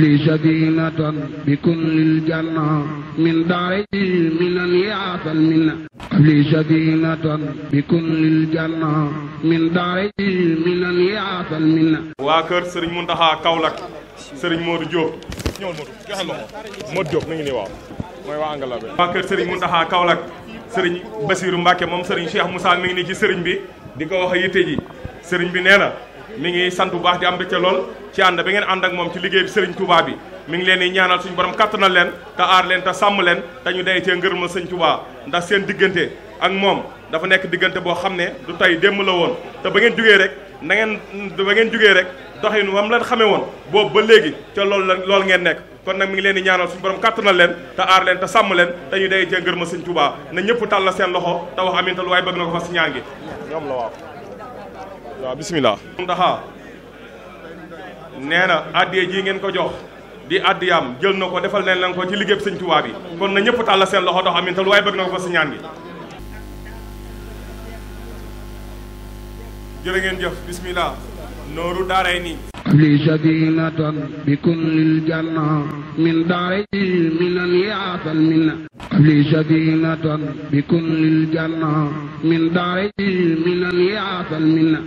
li sadinatan bi kullil janna min daari minan yaatal minna li sadinatan bi kullil janna min daari minan yaatal minna waa kër sëriñ Muntaxa Kaolack sëriñ Modou Diop ñëwal Modou joxel ma ko Modou Diop mi ngi nii waaw mooy waa Angala bi waa kër sëriñ Muntaxa Kaolack sëriñ Basiiru Mbàkke moom sëriñ Cheikh Moussa mi ngi nii ci sëriñ bi di ko wax a yitte ji sëriñ bi nee na mi ngi sant bu baax di am mbégte lool ci ànd ba ngeen ànd ak moom ci liggéey bi Serigne Touba bi mi ngi leen di ñaanal suñu borom kattanal leen te aar leen te sàmm leen te ñu day cee ngërëmal Serigne Touba ndax seen diggante ak moom dafa nekk diggante boo xam ne du tey démb la woon te ba ngeen jugee rek na ngeen ba ngeen jugee rek doxin wam leen xamee woon boobu ba léegi ca loolu la loolu ngeen nekk kon nag mi ngi leen di ñaanal suñu borom kattanal leen te aar leen te sàmm leen te ñu day cee ngërëmal na ñëpp tàll seen loxo te wax amiin te waay bëgg na ko fa si gi ñoom la waaw waaw bisimilah. ndaxa nee na ngeen ko jox di addiyaam jël na ko defal leen leen ko ci liggéey sëñ Tuubaa bi kon na ñëpp tàll seen loxo dox amin te lu waaye bëgg na ko fa si ñaan gi. jërë ngeen jëf bisimilah. nooru daaray nii. li sadinatan bi kullil janna min daaray minan yaatal minna. li sadinatan bi kullil min daaray